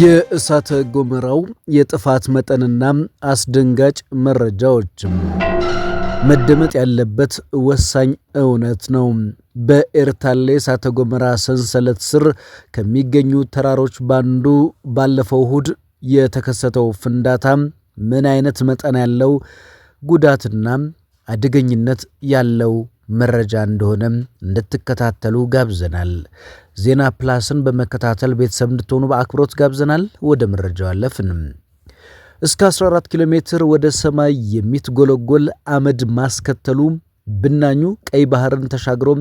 የእሳተ ገሞራው የጥፋት መጠንና አስደንጋጭ መረጃዎች መደመጥ ያለበት ወሳኝ እውነት ነው። በኤርታሌ እሳተ ገሞራ ሰንሰለት ስር ከሚገኙ ተራሮች ባንዱ ባለፈው እሁድ የተከሰተው ፍንዳታ ምን አይነት መጠን ያለው ጉዳትና አደገኝነት ያለው መረጃ እንደሆነም እንድትከታተሉ ጋብዘናል። ዜና ፕላስን በመከታተል ቤተሰብ እንድትሆኑ በአክብሮት ጋብዘናል። ወደ መረጃው አለፍንም። እስከ 14 ኪሎ ሜትር ወደ ሰማይ የሚትጎለጎል አመድ ማስከተሉ ብናኙ ቀይ ባህርን ተሻግሮም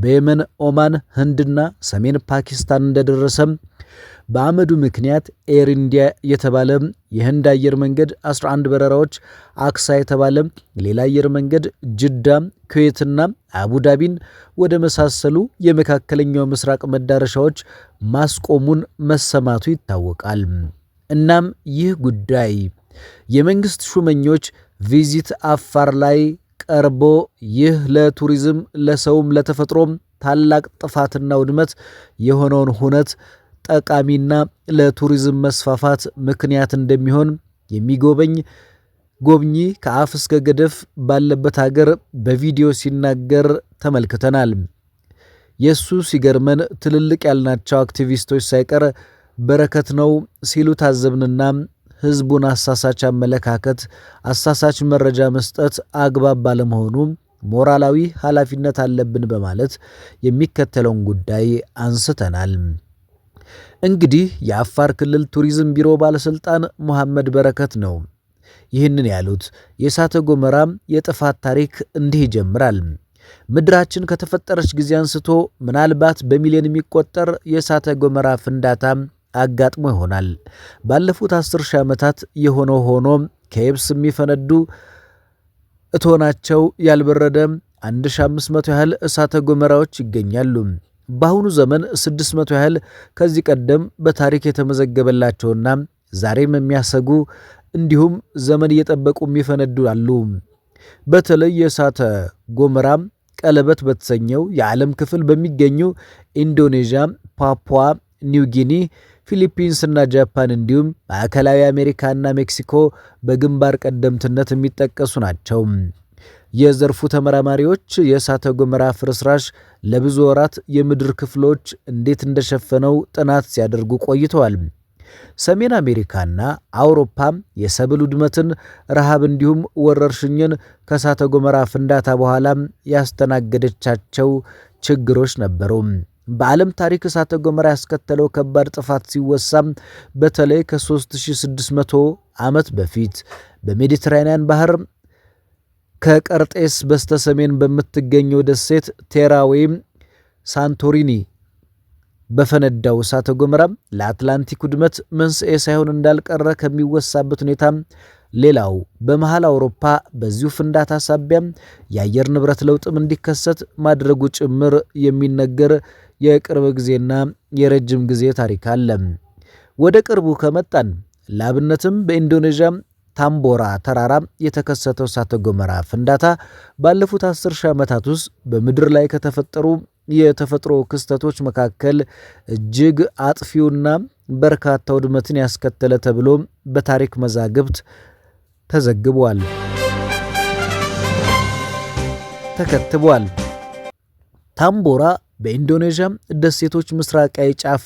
በየመን፣ ኦማን፣ ህንድና ሰሜን ፓኪስታን እንደደረሰም በአመዱ ምክንያት ኤር ኢንዲያ የተባለ የህንድ አየር መንገድ 11 በረራዎች፣ አክሳ የተባለ ሌላ አየር መንገድ ጅዳ፣ ኩዌትና አቡዳቢን ወደ መሳሰሉ የመካከለኛው ምስራቅ መዳረሻዎች ማስቆሙን መሰማቱ ይታወቃል። እናም ይህ ጉዳይ የመንግስት ሹመኞች ቪዚት አፋር ላይ ቀርቦ ይህ ለቱሪዝም ለሰውም ለተፈጥሮም ታላቅ ጥፋትና ውድመት የሆነውን ሁነት ጠቃሚና ለቱሪዝም መስፋፋት ምክንያት እንደሚሆን የሚጎበኝ ጎብኚ ከአፍ እስከ ገደፍ ባለበት አገር በቪዲዮ ሲናገር ተመልክተናል። የእሱ ሲገርመን ትልልቅ ያልናቸው አክቲቪስቶች ሳይቀር በረከት ነው ሲሉ ታዘብንና ህዝቡን አሳሳች አመለካከት፣ አሳሳች መረጃ መስጠት አግባብ ባለመሆኑ ሞራላዊ ኃላፊነት አለብን በማለት የሚከተለውን ጉዳይ አንስተናል። እንግዲህ የአፋር ክልል ቱሪዝም ቢሮ ባለሥልጣን መሐመድ በረከት ነው ይህንን ያሉት። የእሳተ ገሞራ የጥፋት ታሪክ እንዲህ ይጀምራል። ምድራችን ከተፈጠረች ጊዜ አንስቶ ምናልባት በሚሊዮን የሚቆጠር የእሳተ ገሞራ ፍንዳታ አጋጥሞ ይሆናል። ባለፉት አስር ሺህ ዓመታት የሆነው ሆኖ ከየብስ የሚፈነዱ እቶናቸው ያልበረደ 1500 ያህል እሳተ ገሞራዎች ይገኛሉ። በአሁኑ ዘመን 600 ያህል ከዚህ ቀደም በታሪክ የተመዘገበላቸውና ዛሬም የሚያሰጉ እንዲሁም ዘመን እየጠበቁ የሚፈነዱ አሉ። በተለይ የእሳተ ጎመራ ቀለበት በተሰኘው የዓለም ክፍል በሚገኙ ኢንዶኔዥያ፣ ፓፑዋ ኒው ጊኒ ፊሊፒንስ እና ጃፓን እንዲሁም ማዕከላዊ አሜሪካና ሜክሲኮ በግንባር ቀደምትነት የሚጠቀሱ ናቸው። የዘርፉ ተመራማሪዎች የእሳተ ገሞራ ፍርስራሽ ለብዙ ወራት የምድር ክፍሎች እንዴት እንደሸፈነው ጥናት ሲያደርጉ ቆይተዋል። ሰሜን አሜሪካና አውሮፓ የሰብል ውድመትን፣ ረሃብ እንዲሁም ወረርሽኝን ከእሳተ ገሞራ ፍንዳታ በኋላ ያስተናገደቻቸው ችግሮች ነበሩ። በዓለም ታሪክ እሳተ ገሞራ ያስከተለው ከባድ ጥፋት ሲወሳም በተለይ ከ3600 ዓመት በፊት በሜዲትራኒያን ባህር ከቀርጤስ በስተ ሰሜን በምትገኘው ደሴት ቴራ ወይም ሳንቶሪኒ በፈነዳው እሳተ ገሞራ ለአትላንቲክ ውድመት መንስኤ ሳይሆን እንዳልቀረ ከሚወሳበት ሁኔታ ሌላው በመሃል አውሮፓ በዚሁ ፍንዳታ ሳቢያም የአየር ንብረት ለውጥም እንዲከሰት ማድረጉ ጭምር የሚነገር የቅርብ ጊዜና የረጅም ጊዜ ታሪክ አለ። ወደ ቅርቡ ከመጣን ላብነትም በኢንዶኔዥያ ታምቦራ ተራራ የተከሰተው እሳተ ገሞራ ፍንዳታ ባለፉት አስር ሺህ ዓመታት ውስጥ በምድር ላይ ከተፈጠሩ የተፈጥሮ ክስተቶች መካከል እጅግ አጥፊውና በርካታ ውድመትን ያስከተለ ተብሎ በታሪክ መዛግብት ተዘግቧል፣ ተከትቧል። ታምቦራ በኢንዶኔዥያ ደሴቶች ምስራቃዊ ጫፍ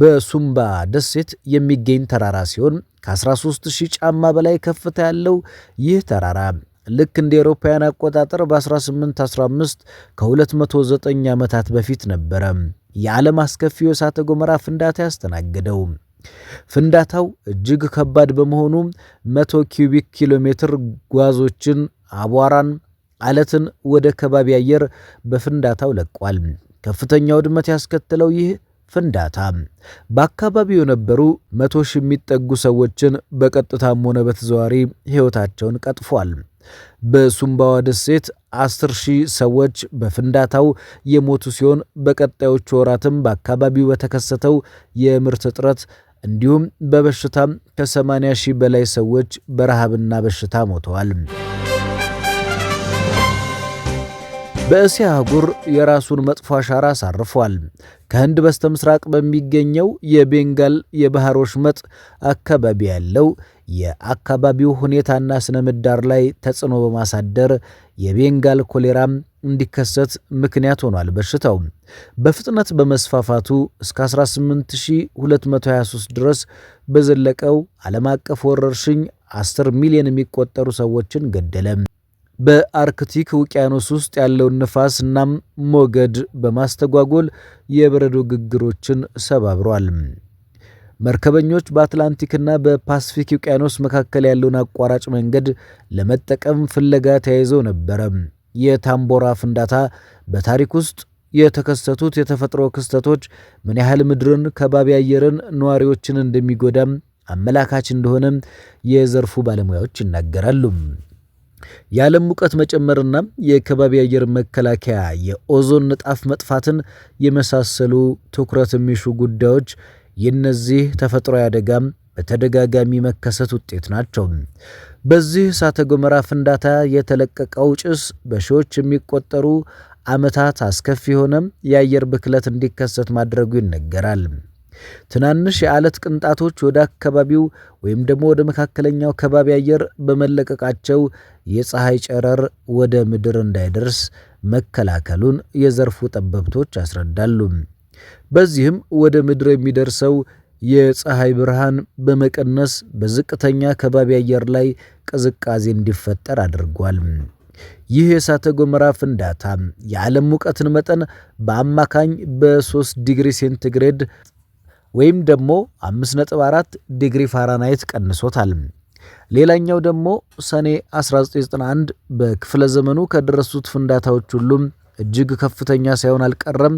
በሱምባ ደሴት የሚገኝ ተራራ ሲሆን ከ13000 ጫማ በላይ ከፍታ ያለው ይህ ተራራ ልክ እንደ አውሮፓውያን አቆጣጠር በ1815 ከ209 ዓመታት በፊት ነበረ የዓለም አስከፊው የእሳተ ገሞራ ፍንዳታ ያስተናገደው። ፍንዳታው እጅግ ከባድ በመሆኑ 100 ኪዩቢክ ኪሎ ሜትር ጓዞችን አቧራን አለትን ወደ ከባቢ አየር በፍንዳታው ለቋል። ከፍተኛ ውድመት ያስከተለው ይህ ፍንዳታ በአካባቢው የነበሩ መቶ ሺህ የሚጠጉ ሰዎችን በቀጥታም ሆነ በተዘዋሪ ሕይወታቸውን ቀጥፏል። በሱምባዋ ደሴት አስር ሺህ ሰዎች በፍንዳታው የሞቱ ሲሆን በቀጣዮቹ ወራትም በአካባቢው በተከሰተው የምርት እጥረት እንዲሁም በበሽታም ከ80 ሺህ በላይ ሰዎች በረሃብና በሽታ ሞተዋል። በእስያ አህጉር የራሱን መጥፎ አሻራ አሳርፏል። ከህንድ በስተ ምስራቅ በሚገኘው የቤንጋል የባህር ወሽመጥ አካባቢ ያለው የአካባቢው ሁኔታና ስነ ምህዳር ላይ ተጽዕኖ በማሳደር የቤንጋል ኮሌራም እንዲከሰት ምክንያት ሆኗል። በሽታው በፍጥነት በመስፋፋቱ እስከ 18223 ድረስ በዘለቀው ዓለም አቀፍ ወረርሽኝ 10 ሚሊዮን የሚቆጠሩ ሰዎችን ገደለም። በአርክቲክ ውቅያኖስ ውስጥ ያለውን ንፋስ እናም ሞገድ በማስተጓጎል የበረዶ ግግሮችን ሰባብሯል። መርከበኞች በአትላንቲክና በፓስፊክ ውቅያኖስ መካከል ያለውን አቋራጭ መንገድ ለመጠቀም ፍለጋ ተያይዘው ነበረ። የታምቦራ ፍንዳታ በታሪክ ውስጥ የተከሰቱት የተፈጥሮ ክስተቶች ምን ያህል ምድርን፣ ከባቢ አየርን፣ ነዋሪዎችን እንደሚጎዳም አመላካች እንደሆነ የዘርፉ ባለሙያዎች ይናገራሉ። የዓለም ሙቀት መጨመርና የከባቢ አየር መከላከያ የኦዞን ንጣፍ መጥፋትን የመሳሰሉ ትኩረት የሚሹ ጉዳዮች የእነዚህ ተፈጥሯዊ አደጋም በተደጋጋሚ መከሰት ውጤት ናቸው። በዚህ እሳተ ገሞራ ፍንዳታ የተለቀቀው ጭስ በሺዎች የሚቆጠሩ ዓመታት አስከፊ የሆነ የአየር ብክለት እንዲከሰት ማድረጉ ይነገራል። ትናንሽ የዓለት ቅንጣቶች ወደ አካባቢው ወይም ደግሞ ወደ መካከለኛው ከባቢ አየር በመለቀቃቸው የፀሐይ ጨረር ወደ ምድር እንዳይደርስ መከላከሉን የዘርፉ ጠበብቶች ያስረዳሉ። በዚህም ወደ ምድር የሚደርሰው የፀሐይ ብርሃን በመቀነስ በዝቅተኛ ከባቢ አየር ላይ ቅዝቃዜ እንዲፈጠር አድርጓል። ይህ የእሳተ ገሞራ ፍንዳታ የዓለም ሙቀትን መጠን በአማካኝ በ3 ዲግሪ ሴንቲግሬድ ወይም ደግሞ 5.4 ዲግሪ ፋራናይት ቀንሶታል። ሌላኛው ደግሞ ሰኔ 1991 በክፍለ ዘመኑ ከደረሱት ፍንዳታዎች ሁሉም እጅግ ከፍተኛ ሳይሆን አልቀረም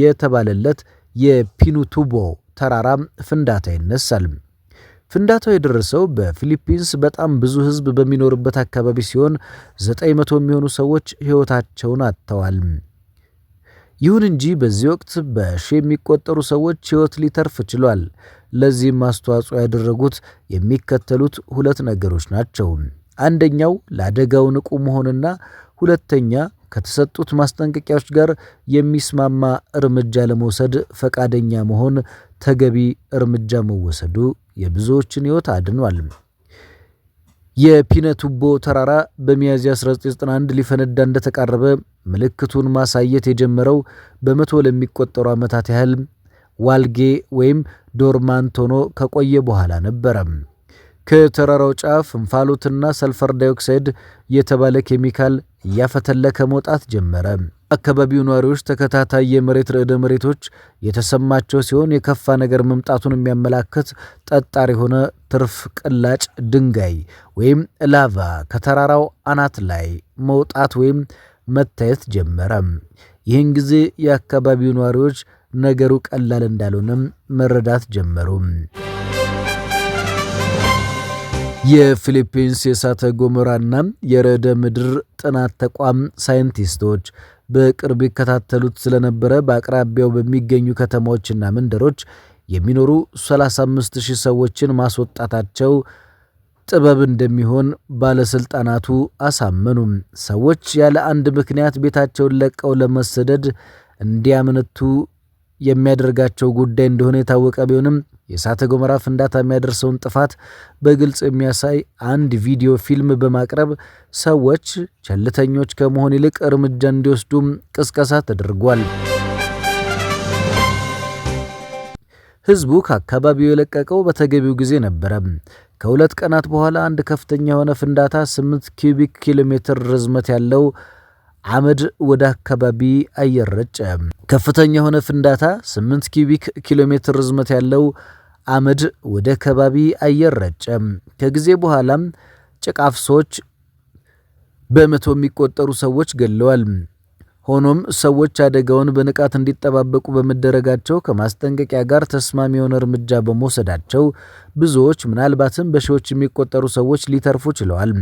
የተባለለት የፒኑቱቦ ተራራ ፍንዳታ ይነሳል። ፍንዳታው የደረሰው በፊሊፒንስ በጣም ብዙ ሕዝብ በሚኖርበት አካባቢ ሲሆን 900 የሚሆኑ ሰዎች ሕይወታቸውን አጥተዋል። ይሁን እንጂ በዚህ ወቅት በሺ የሚቆጠሩ ሰዎች ሕይወት ሊተርፍ ችሏል። ለዚህም አስተዋጽኦ ያደረጉት የሚከተሉት ሁለት ነገሮች ናቸው። አንደኛው ለአደጋው ንቁ መሆንና ሁለተኛ ከተሰጡት ማስጠንቀቂያዎች ጋር የሚስማማ እርምጃ ለመውሰድ ፈቃደኛ መሆን ተገቢ እርምጃ መወሰዱ የብዙዎችን ሕይወት አድኗል። የፒነቱቦ ተራራ በሚያዝያ 1991 ሊፈነዳ እንደተቃረበ ምልክቱን ማሳየት የጀመረው በመቶ ለሚቆጠሩ ዓመታት ያህል ዋልጌ ወይም ዶርማንት ሆኖ ከቆየ በኋላ ነበረም። ከተራራው ጫፍ እንፋሎትና ሰልፈር ዳይኦክሳይድ የተባለ ኬሚካል እያፈተለከ መውጣት ጀመረ። አካባቢው ነዋሪዎች ተከታታይ የመሬት ርዕደ መሬቶች የተሰማቸው ሲሆን የከፋ ነገር መምጣቱን የሚያመላክት ጠጣር የሆነ ትርፍ ቅላጭ ድንጋይ ወይም ላቫ ከተራራው አናት ላይ መውጣት ወይም መታየት ጀመረ። ይህን ጊዜ የአካባቢው ነዋሪዎች ነገሩ ቀላል እንዳልሆነም መረዳት ጀመሩ። የፊሊፒንስ የእሳተ ጎሞራና የረደ ምድር ጥናት ተቋም ሳይንቲስቶች በቅርብ ይከታተሉት ስለነበረ በአቅራቢያው በሚገኙ ከተማዎችና መንደሮች የሚኖሩ 35000 ሰዎችን ማስወጣታቸው ጥበብ እንደሚሆን ባለሥልጣናቱ አሳመኑም። ሰዎች ያለ አንድ ምክንያት ቤታቸውን ለቀው ለመሰደድ እንዲያመነቱ የሚያደርጋቸው ጉዳይ እንደሆነ የታወቀ ቢሆንም የእሳተ ገሞራ ፍንዳታ የሚያደርሰውን ጥፋት በግልጽ የሚያሳይ አንድ ቪዲዮ ፊልም በማቅረብ ሰዎች ቸልተኞች ከመሆን ይልቅ እርምጃ እንዲወስዱም ቅስቀሳ ተደርጓል። ህዝቡ ከአካባቢው የለቀቀው በተገቢው ጊዜ ነበረ። ከሁለት ቀናት በኋላ አንድ ከፍተኛ የሆነ ፍንዳታ 8 ኪዩቢክ ኪሎ ሜትር ርዝመት ያለው አመድ ወደ አካባቢ አየር ረጨ። ከፍተኛ የሆነ ፍንዳታ 8 ኪቢክ ኪሎ ሜትር ርዝመት ያለው አመድ ወደ ከባቢ አየር ረጨ። ከጊዜ በኋላም ጭቃፍሶች በመቶ የሚቆጠሩ ሰዎች ገለዋል። ሆኖም ሰዎች አደጋውን በንቃት እንዲጠባበቁ በመደረጋቸው ከማስጠንቀቂያ ጋር ተስማሚ የሆነ እርምጃ በመውሰዳቸው ብዙዎች ምናልባትም በሺዎች የሚቆጠሩ ሰዎች ሊተርፉ ችለዋል።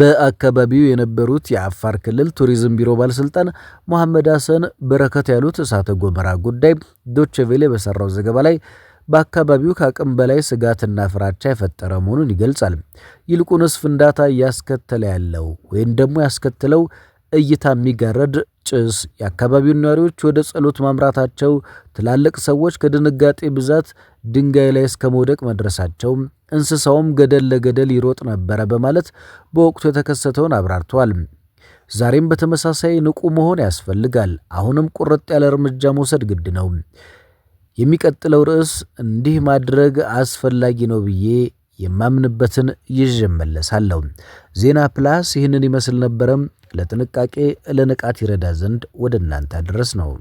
በአካባቢው የነበሩት የአፋር ክልል ቱሪዝም ቢሮ ባለስልጣን መሐመድ ሐሰን በረከት ያሉት እሳተ ጎመራ ጉዳይ ዶቸቬሌ በሰራው ዘገባ ላይ በአካባቢው ከአቅም በላይ ስጋትና ፍራቻ የፈጠረ መሆኑን ይገልጻል። ይልቁንስ ፍንዳታ እያስከተለ ያለው ወይም ደግሞ ያስከተለው እይታ የሚጋረድ ጭስ የአካባቢውን ነዋሪዎች ወደ ጸሎት ማምራታቸው ትላልቅ ሰዎች ከድንጋጤ ብዛት ድንጋይ ላይ እስከ መውደቅ መድረሳቸው እንስሳውም ገደል ለገደል ይሮጥ ነበረ በማለት በወቅቱ የተከሰተውን አብራርተዋል። ዛሬም በተመሳሳይ ንቁ መሆን ያስፈልጋል። አሁንም ቁርጥ ያለ እርምጃ መውሰድ ግድ ነው። የሚቀጥለው ርዕስ እንዲህ ማድረግ አስፈላጊ ነው ብዬ የማምንበትን ይዤ እመለሳለሁ። ዜና ፕላስ ይህንን ይመስል ነበረም። ለጥንቃቄ ለንቃት ይረዳ ዘንድ ወደ እናንተ አድረስ ነው።